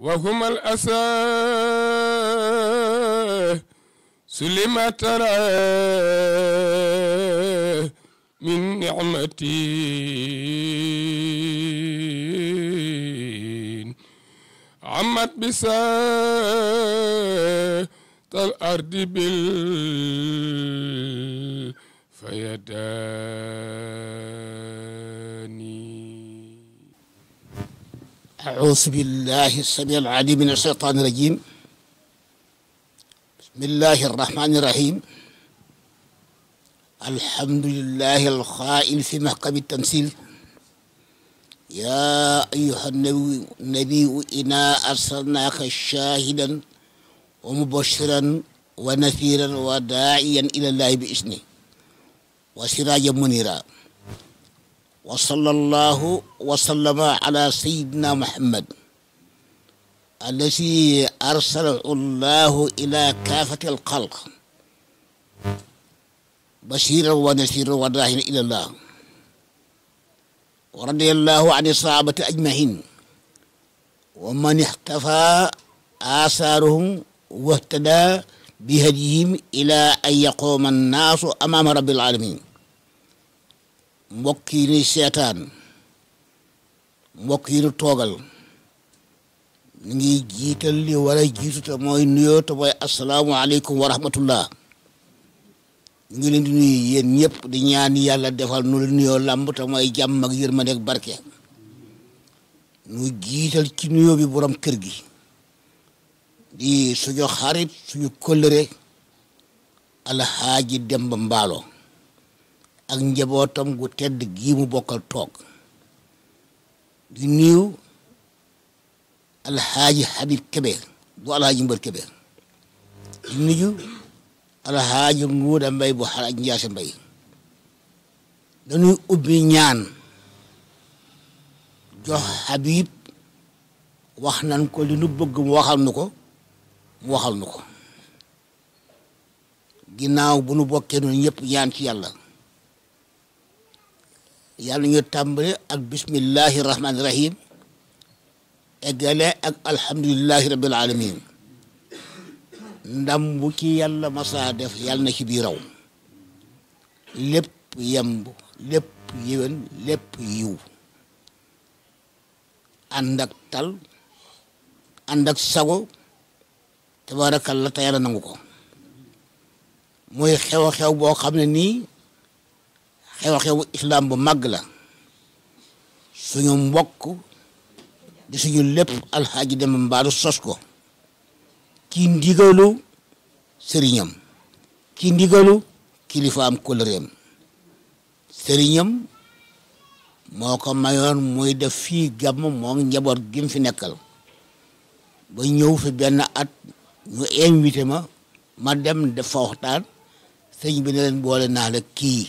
وهم الأسى سلم ترى من نعمتي عمت بساء الأرض بالفيدان أعوذ بالله السميع العليم من الشيطان الرجيم بسم الله الرحمن الرحيم الحمد لله الخائن في محكم التمثيل يا أيها النبي إنا أرسلناك شاهدا ومبشرا ونثيرا وداعيا إلى الله بإذنه وسراجا منيرا وصلى الله وسلم على سيدنا محمد الذي أرسله الله إلى كافة الخلق بشيرا ونشيرا وداعيا إلى الله ورضي الله عن الصحابة أجمعين ومن اختفى آثارهم واهتدى بهديهم إلى أن يقوم الناس أمام رب العالمين mbokk yi nu seetaan mbokk yi nu toogal ni ngi jiital li wala jiitu te mooy nuyoo te mooy asalaamualeykum wa rahmatullah ñu ngi leen di nuyu yéen ñëpp di ñaan yàlla defal nu nuyoo làmb te mooy jàmm ak ma ak barke nu jiital ci nuyoo bi borom kër gi di suñu xarit suñu kóllëre alxaaji Demba Mbaalo ak njabootam gu tedd gii mu bokkal toog di nuyu alxaaji Habib Kébé bu alxaaji Mbër Kébé di nuyu alxaaji Nguuda Mbay bu xaraaj Njaase Mbay dañuy ubbi ñaan jox Habib wax nan ko li bëgg mu waxal nu ko mu waxal nu ko ginnaaw bu nu bokkee noonu ñëpp ñaan ci yàlla yàlla ñu tàmbale ak bismillahi rahmaani rahim eggale ak alhamdulillahi rabbil alamin ndam bu ci yàlla masaa def yàlla na ci biir raw lépp yemb lépp yéwén lépp yiw ànd ak tal ànd ak sago tabaarakalla te yàlla nangu ko mooy xew-xew boo xam ne nii xew-xewu islam bu mag la suñu mbokk di suñu lépp alxaaji dem mbaalu sos ko ci ndigalu sëriñam ci ndigalu kilifaam kóllëreem sëriñam moo ko mayoon muy def fii gàmm moom njaboot gim fi nekkal ba ñëw fi benn at ñu invité ma ma dem def fa waxtaan sëñ bi ne boole naa la kii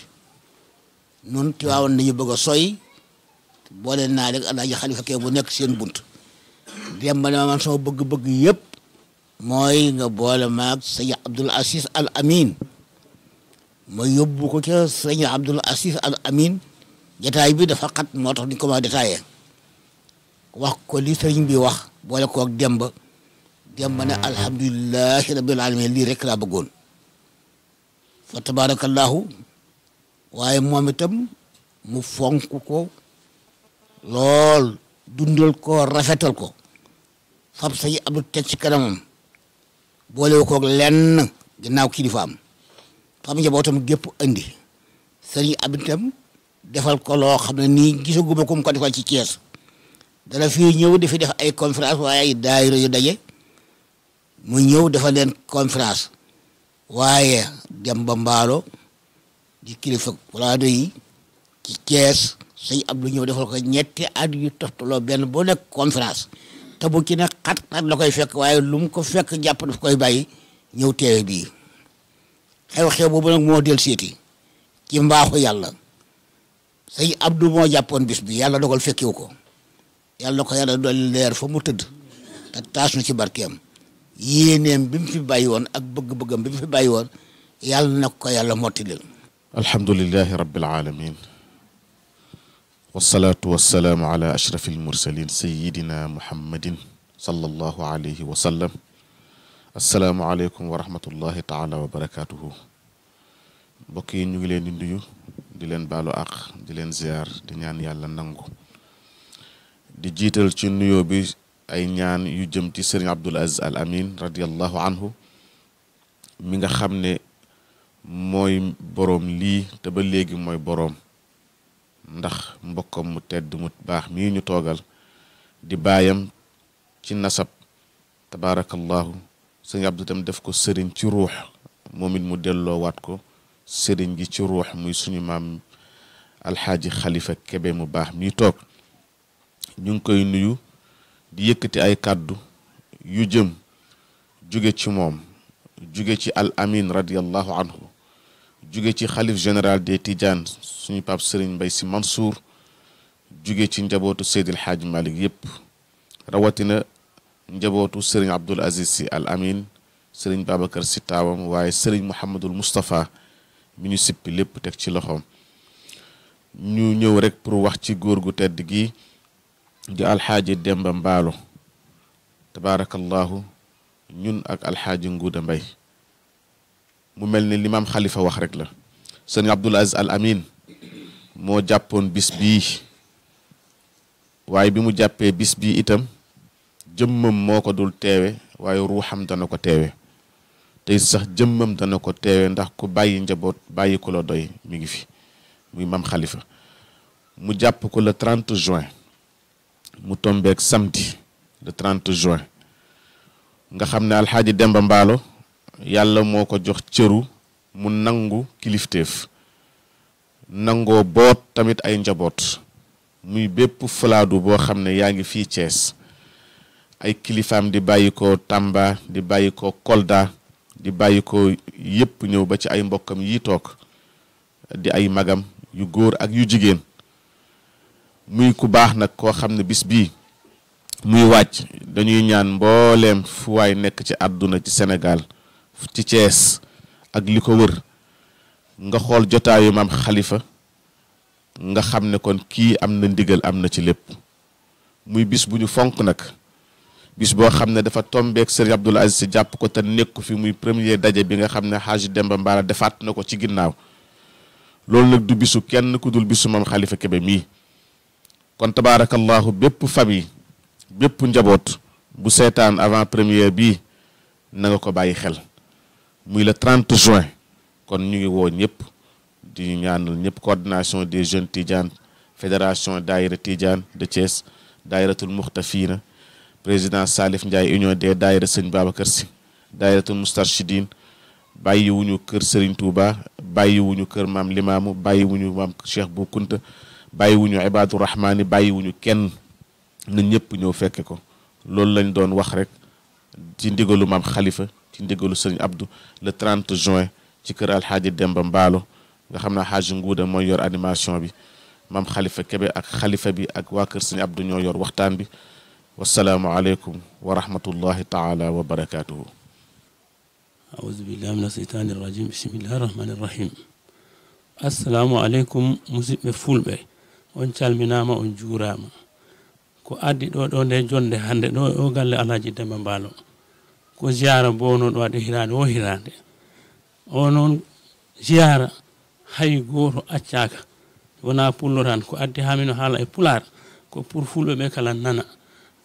nun Tiwaawan dañu bëgg a soy boole naa rek alaaji xalifa kee bu nekk seen bunt dem ba ne man sama bëgg-bëgg yépp mooy nga boole maag sëñ Abdul Asis Al Amin ma yóbbu ko ca sëñ Abdul Asis Al Amin jataay bi dafa xat moo tax ni ko ma wax ko li sëriñ bi wax boole koog Demba Demba ne alhamdulilahi rabbil alamin lii rek laa bëggoon fa tabaarakallahu waaye moom itam mu fonk ko lool dundal ko rafetal ko fab sa yi abdu teg ci kanamam boolewu koog lenn ginnaaw kilifaam fab njabootam gépp andi sëriñ abdu itam defal ko loo xam ne nii gisaguma ko mu ko defal ci Thiès dana fii ñëw di fi def ay conférence waaye ay daayira yu daje mu ñëw defal leen conférence waaye dem ba mbaalo di kilifa walaada yi ci Thiès sey Abdou ñew defal ko ñetti ad yu toftaloo ben bo nek conférence ta bu ci nek xat-xat la koy fekk waye lu mu ko fekk japp daf koy bayyi ñew teewe bi xew-xew bu nak mo del seti ci mbaxu yalla sey Abdou mo jàppoon bis bi yalla dogal fekki wuko yalla ko yalla dool leer fa mu tëdd ta taas ci barkem yeneem bim fi bayiwon ak bëgg-bëggam bim fi bayiwon yalla yàlla ko الحمد لله رب العالمين والصلاة والسلام على أشرف المرسلين سيدنا محمد صلى الله عليه وسلم السلام عليكم ورحمة الله تعالى وبركاته بكي نجلين نديو دلين بالو أخ دلين زيار دنيان يالا نانغو دي جيتل بي أي نيان يجمتي عبد العز الأمين رضي الله عنه ميغا خامني mooy boroom lii te ba léegi mooy boroom ndax mbokkam mu tedd mu baax mii ñu toogal di baayam ci nasab tabaarakallahu sëñ Abdou tam def ko sëriñ ci ruux moom it mu delloowaat ko sëriñ gi ci ruux muy suñu maam alxaaji xalifa kebe mu baax mii toog ñu ngi koy nuyu di yëkkati ay kàddu yu jëm jóge ci moom jóge ci al amin radiallahu anhu jóge ci xalif général des Tidiane suñu pap Serigne Mbaye Sy Mansour jóge ci njabootu Seydil Hadj Malick yëpp rawatina njabootu Serigne Abdoul Aziz Sy Al Amin Serigne Babacar Sy taawam waaye Serigne Mouhamadul Moustapha mi ñu lépp teg ci loxoom ñu ñëw rek pour wax ci góor gu tedd gi di alxaaji Demba Mbaalo tabaarakallahu ñun ak alxaaji Nguuda Mbay mu melni limam khalifa wax rek la seigne Abdoul Aziz Al Amin mo jappone bis bi waaye bi mu jàppee bis bi itam jëmmam moko dul téwé waaye ruham dana ko téwé tay sax jëmmam dana ko téwé ndax ku bàyyi njabot bàyyi ko lo doy mi ngi fi muy mam khalifa mu jàpp ko le 30 juin mu tombé ak samedi le 30 juin nga xamné al hadji Demba mbalo yàlla moo ko jox cëru mu nangu kilifteef nangoo boot tamit ay njaboot muy bépp falaadu boo xam ne yaa ngi fii Cees ay kilifaam di bàyyi ko Tamba di bàyyi ko Kolda di bàyyi ko yépp ñëw ba ci ay mbokkam yi toog di ay magam yu góor ak yu jigéen muy ku baax nag koo xam ne bis bi muy wàcc dañuy ñaan mbooleem fu waay nekk ci àdduna ci Sénégal ci Thiès ak li ko wër nga xool jotaayu maam xalifa nga xam ne kon kii am na ndigal am na ci lépp muy bis bu ñu fonk nag bis boo xam ne dafa tombeek Serigne Abdoul Aziz si jàpp ko te nekku fi muy premier daje bi nga xam ne Haji Demba Mbaara defaat na ko ci ginnaaw loolu nag du bisu kenn ku dul bisu maam xalifa Kebe mii kon tabaarakallahu bépp famille bépp njaboot bu seetaan avant première bii na nga ko bàyyi xel muy le 30 juin kon ñu ngi woo ñëpp di ñaanal ñëpp coordination des jeunes Tidjane fédération Daïra Tidjane de Thiès Daïratul Muxtafina président Salif Ndiaye union des Daïra sëñ Babacar Sy Daïratul Moustarchidine bàyyiwuñu kër Serigne Touba bàyyiwuñu kër maam Limaamu bàyyiwuñu maam Cheikh Bou Kounta bàyyiwuñu Ibaadu Rahmaani bàyyiwuñu kenn na ñëpp ñëw fekke ko loolu lañ doon wax rek ci ndigalu maam xalifa ci ndigalu sëriñ Abdou le 30 juin ci kër alxaaji Demba Mbaalo nga xam ne xaaji Nguuda mooy yor animation bi maam xalifa Kebe ak xalifa bi ak waa kër sëriñ Abdou ñoo yor waxtaan bi wasalaamualeykum wa rahmatullahi taala wa barakaatuhu. auzu billahi mina sheytaani rajim bismillahi rahmani rahim. assalamu aleykum musidɓe fulɓe on calminama on juurama ko addi ɗo ɗo nde jonde hande ɗo o galle alaji demba mbaalo ko ziyara bo noon waɗo hirade o hirade o noon ziyara hay goto accaka wona pullo tan ko addi ha mino haala e pulaar ko pour fulɓeɓe kala nana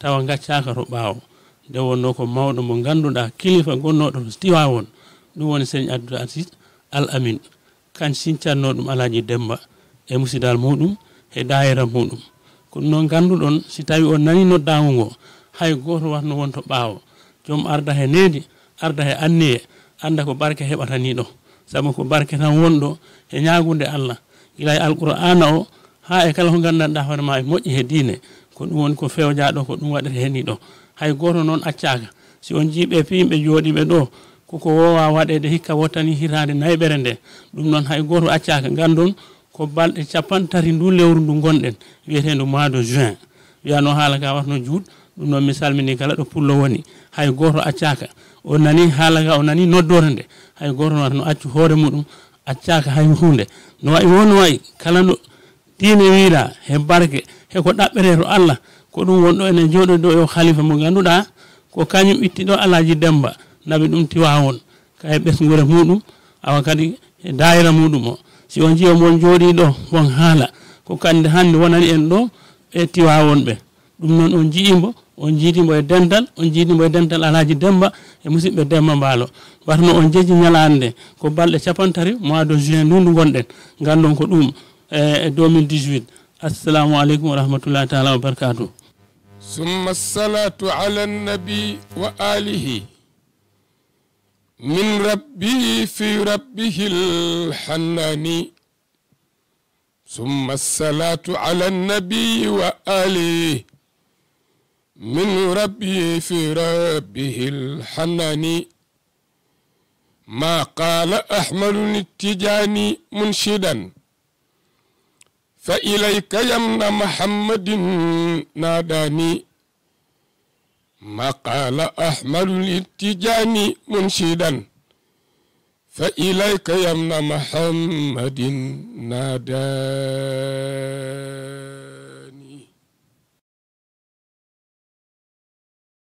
tawa gaccaka to ɓawo nde wonno ko mawɗo mo ganduɗa kilifa gonnoɗo tiwa won ɗum woni seigne abdoul asis al amin kan sincanno ɗum alaji demba e musidal muɗum e dayira muɗum ko ɗum noon ganduɗon si tawi o nani noddago ngo hay goto watno won to ɓawo joom arda he nedi arda he anniye anda ko barke heɓata ni ɗo saabu ko barke tan wonɗo e ñagude allah gilay alqur'ana o ha e kala ko gandanɗa hoore ma e moƴƴi he diine ko ɗum woni ko fewjaɗo ko ɗum waɗata heni ɗo hay goto noon accaka si on jiiɓe piyimɓe jooɗiɓe ɗo koko wowa waɗede hikka wottani hitade nayɓere nde ɗum noon hay goto accaka gandon ko balɗe capan tati ndu lewru ndu gonɗen wiyetendu mois de juin wiyano haala ka watno juuɗ ɗum noon mi salmini kala ɗo pullo woni hay goto accaka o nani haala ka o nani noddore nde hay goto wata no accu hoore muɗum accaka hay hunde no wayi wo no wayi kala no tiine wiiɗa he barke heko ɗaɓɓere to allah ko ɗum wonɗo ene jooɗoɗo yo e halifa mo ganduɗa ko kañum ittiɗo alaji demba nabi ɗum tiwawon ka e ɓesgure muɗum awa kadi e dayira muɗum o si on jiiwa mon jooɗi ɗo won haala ko kandi hannde wonani en ɗo ɓe tiwawon ɓe ɗum noon on jiimbo on jiidimo e dental on jiidimo e dental alhaji demba e musidɓe demba mbaalo watno on jeeji ñalaande ko balɗe capantari mois de juin ndu ndu gonɗen ko ɗum e 2018 e assalamu aleykum wa taala wa من ربي في ربه الحنان ما قال أحمد التجاني منشدا فإليك يمن محمد ناداني ما قال أحمد التجاني منشدا فإليك يمن محمد ناداني